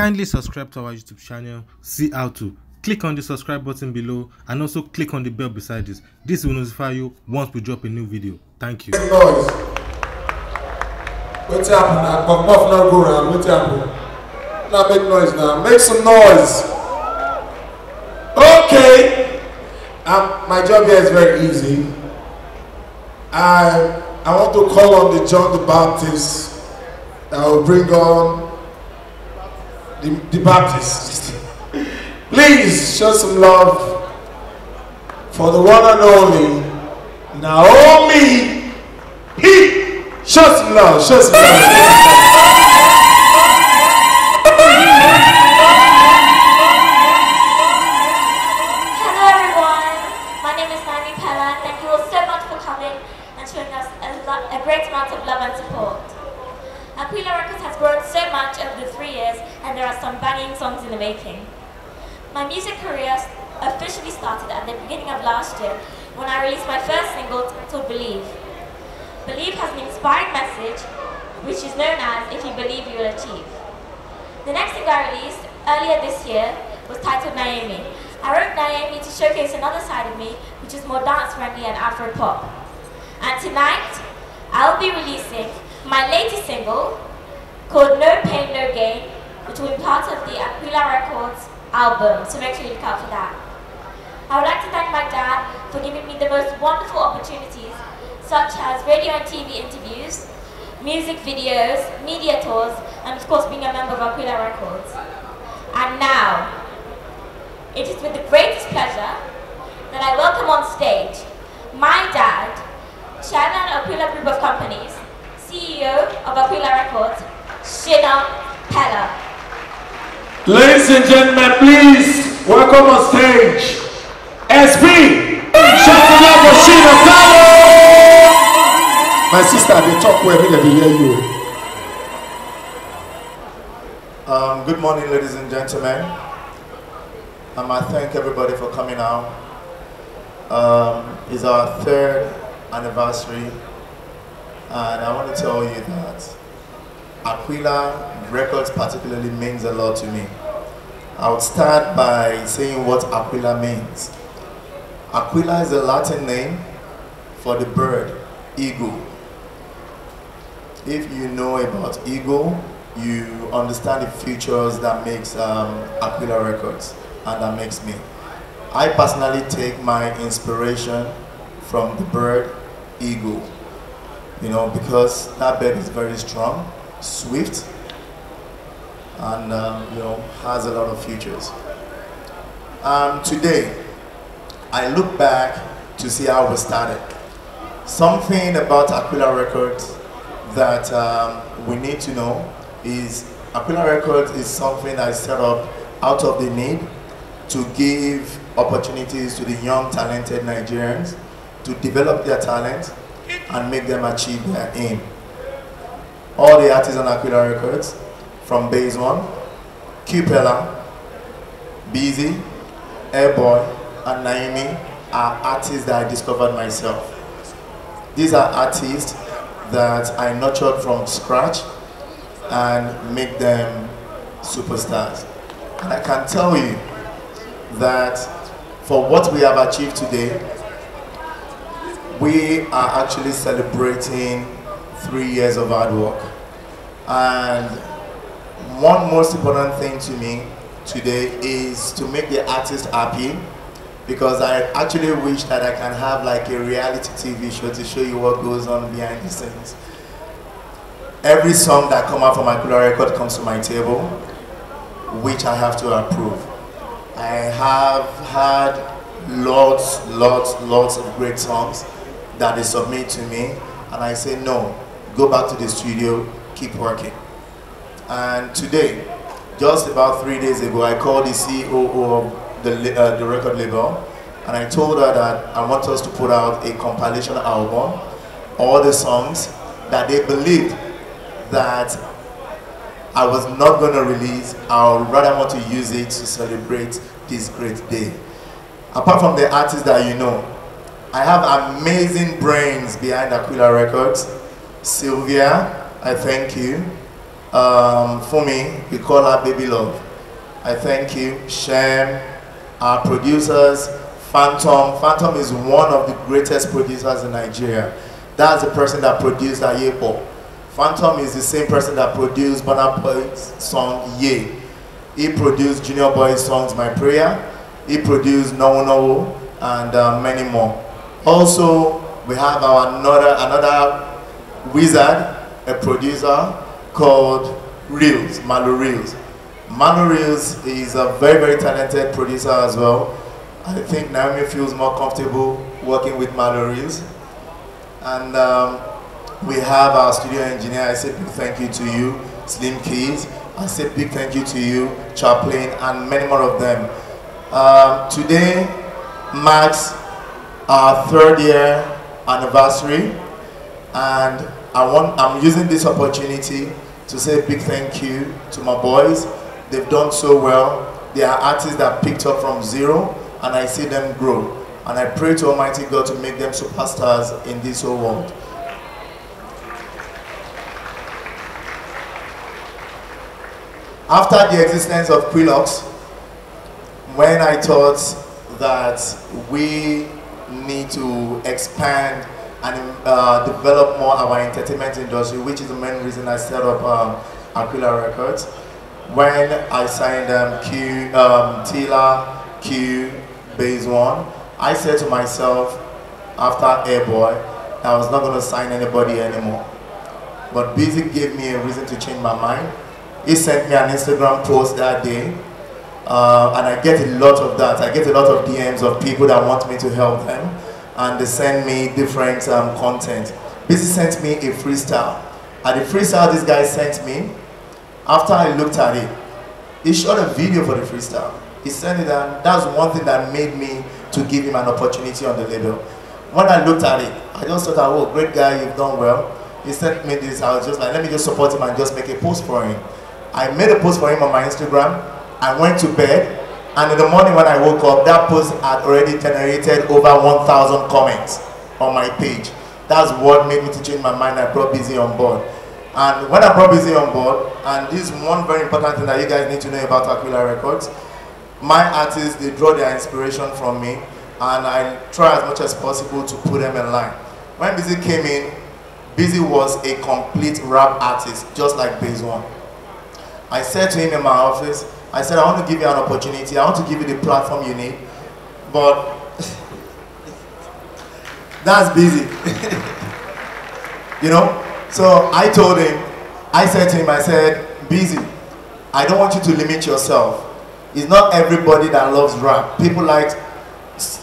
Kindly subscribe to our YouTube channel, see how to. Click on the subscribe button below and also click on the bell beside this. This will notify you once we drop a new video. Thank you. Noise. What happened? I pop off now go around. What happened? Now make noise now. Make some noise. Okay. Um, my job here is very easy. I I want to call on the John the Baptist I will bring on the, Baptist. Please show some love for the one and only Naomi. He show some love, show some love. Thank you all so much for coming and showing us a great amount of love and support. Aquila Records has grown so much over the three years and there are some banging songs in the making. My music career officially started at the beginning of last year when I released my first single titled Believe. Believe has an inspiring message which is known as If You Believe You Will Achieve. The next single I released earlier this year was titled Naomi. I wrote Naomi to showcase another side of me which is more dance friendly and Afro pop. And tonight, I'll be releasing my latest single, called No Pain No Gain, which will be part of the Aquila Records album, so make sure you look out for that. I would like to thank my dad for giving me the most wonderful opportunities, such as radio and TV interviews, music videos, media tours, and of course being a member of Aquila Records. And now, it is with the greatest pleasure that I welcome on stage my dad, Chairman of Aquila Group of Companies, CEO of Aquila Records, Shina Pella. Ladies and gentlemen, please welcome on stage SP Shakira Boshida Pella. My sister, they talk where they hear you. Um, good morning, ladies and gentlemen. And I thank everybody for coming out. Um, it's our third anniversary and I want to tell you that Aquila Records particularly means a lot to me. I would start by saying what Aquila means. Aquila is the Latin name for the bird, eagle. If you know about eagle, you understand the features that makes um, Aquila Records and that makes me. I personally take my inspiration from the bird eagle you know, because that bird is very strong, swift, and um, you know has a lot of futures. Um, today, I look back to see how we started. Something about Aquila Records that um, we need to know is Aquila Records is something I set up out of the need to give opportunities to the young talented Nigerians to develop their talent and make them achieve their aim. All the artists on Aquila Records, from Base One, Cupella, Busy, Airboy, and Naomi are artists that I discovered myself. These are artists that I nurtured from scratch and make them superstars. And I can tell you that for what we have achieved today, we are actually celebrating three years of hard work. And one most important thing to me today is to make the artist happy because I actually wish that I can have like a reality TV show to show you what goes on behind the scenes. Every song that comes out from my Kula record comes to my table, which I have to approve. I have had lots, lots, lots of great songs that they submit to me. And I say, no, go back to the studio, keep working. And today, just about three days ago, I called the CEO of the, uh, the record label and I told her that I want us to put out a compilation album, all the songs that they believed that I was not going to release. I would rather want to use it to celebrate this great day. Apart from the artists that you know, I have amazing brains behind Aquila Records. Sylvia, I thank you. Um, for me, we call her Baby Love. I thank you. Shem, our producers, Phantom. Phantom is one of the greatest producers in Nigeria. That's the person that produced Ayepo. Phantom is the same person that produced Burna Boy's song Ye. He produced Junior Boy's songs My Prayer. He produced No No and uh, many more. Also, we have our another, another wizard, a producer called Reels, Malu Reels. Malu Reels is a very, very talented producer as well. I think Naomi feels more comfortable working with Malu Reels. And um, we have our studio engineer. I say big thank you to you, Slim Keys. I say big thank you to you, Chaplin, and many more of them. Um, today marks our third year anniversary and I want, I'm using this opportunity to say a big thank you to my boys. They've done so well. They are artists that picked up from zero and I see them grow. And I pray to Almighty God to make them superstars in this whole world. After the existence of Quilox, when I thought that we to expand and uh, develop more our entertainment industry, which is the main reason I set up um, Aquila Records. When I signed um, Q, um, Tila, Q, Base One, I said to myself, after Airboy, I was not going to sign anybody anymore. But Busy gave me a reason to change my mind. He sent me an Instagram post that day, uh, and I get a lot of that. I get a lot of DMs of people that want me to help them and they sent me different um, content. Busy sent me a freestyle. And the freestyle this guy sent me, after I looked at it, he shot a video for the freestyle. He sent it and that's one thing that made me to give him an opportunity on the label. When I looked at it, I just thought, oh, great guy, you've done well. He sent me this, I was just like, let me just support him and just make a post for him. I made a post for him on my Instagram. I went to bed, and in the morning when I woke up, that post had already generated over 1,000 comments on my page. That's what made me to change my mind. I brought Busy on board. And when I brought Busy on board, and this is one very important thing that you guys need to know about Aquila Records, my artists, they draw their inspiration from me, and I try as much as possible to put them in line. When Busy came in, Busy was a complete rap artist, just like Base One. I said to him in my office, I said, I want to give you an opportunity. I want to give you the platform you need. But that's busy. you know? So I told him, I said to him, I said, busy. I don't want you to limit yourself. It's not everybody that loves rap. People like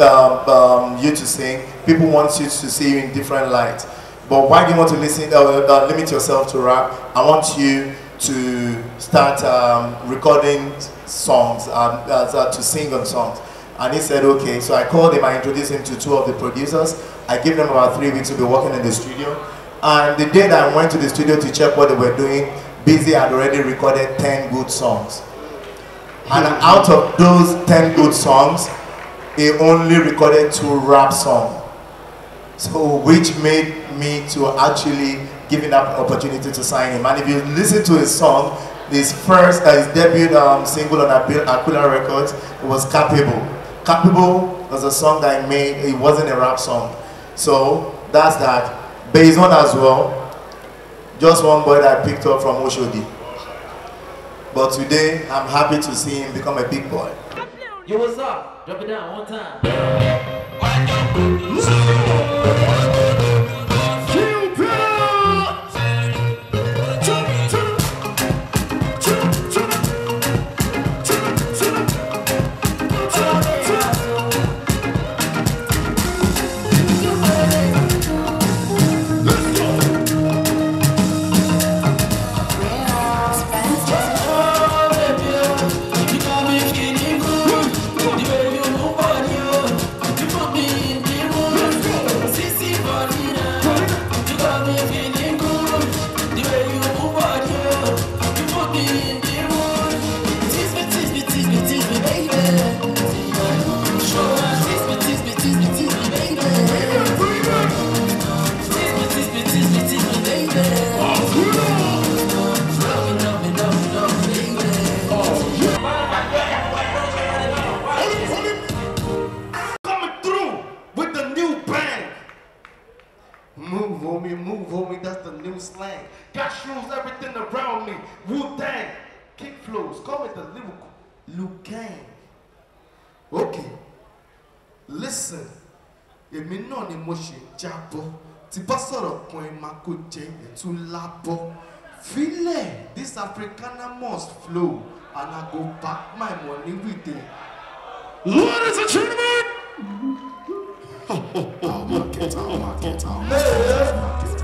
um, um you to sing. People want you to see you in different lights. But why do you want to listen, uh, uh, limit yourself to rap? I want you to start um, recording songs, um, uh, to sing on songs. And he said, okay. So I called him, I introduced him to two of the producers. I gave them about three weeks to be working in the studio. And the day that I went to the studio to check what they were doing, Busy had already recorded 10 good songs. And out of those 10 good songs, he only recorded two rap songs. So which made me to actually given that opportunity to sign him. And if you listen to his song, his first, uh, his debut um, single on Aquila Records was Capable. Capable was a song that I made, it wasn't a rap song. So that's that. Based on as well, just one boy that I picked up from Oshodi. But today, I'm happy to see him become a big boy. Yo, what's up? Drop it down one time. move, homie. That's the new slang. Got shrooms everything around me. Wu Tang, kick flows. Call me the lyrical Liu Kang. Okay, listen. If Èmi náà ni mo ṣe jábọ̀. Tí bá sọ̀rọ̀ kan ẹ máa kó jẹ ẹ̀tún lábọ̀. Fílẹ̀ this Africana must flow and I go back my money with it. Ladies and gentlemen. I'll market, I'll market, I'll market, I'll market.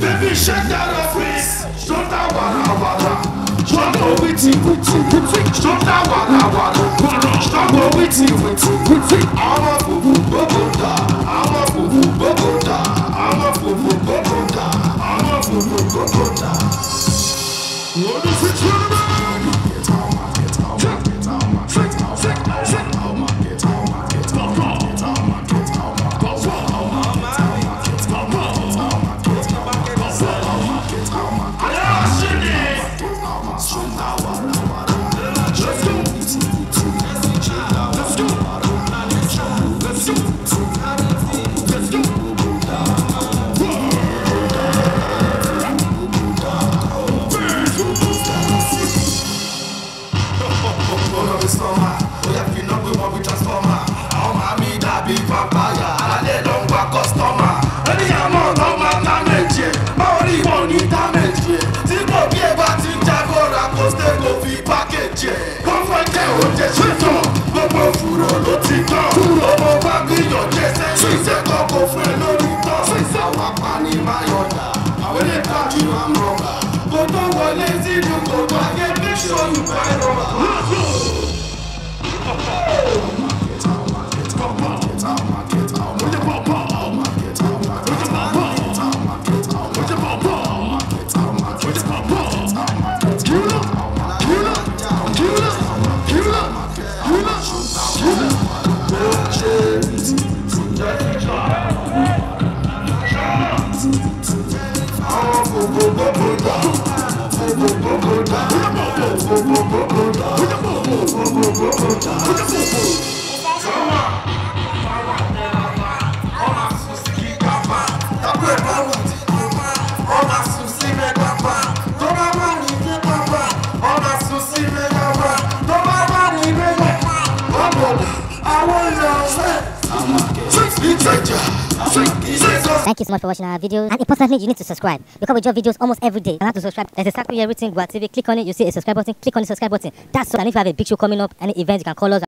Baby, shake that off me. Shota wala wala. Shota witty witty witty. Shota wala wala. Shota witty witty witty. I'm a fufu bobota. I'm a fufu bobota. I'm a fufu bobota. I'm a fufu bobota. Just Thank you so much for watching our video. And importantly, you need to subscribe because we drop videos almost every day. And how to subscribe? There's a circle here written TV. Click on it. You see a subscribe button. Click on the subscribe button. That's all. And if you have a big show coming up, any events, you can call us.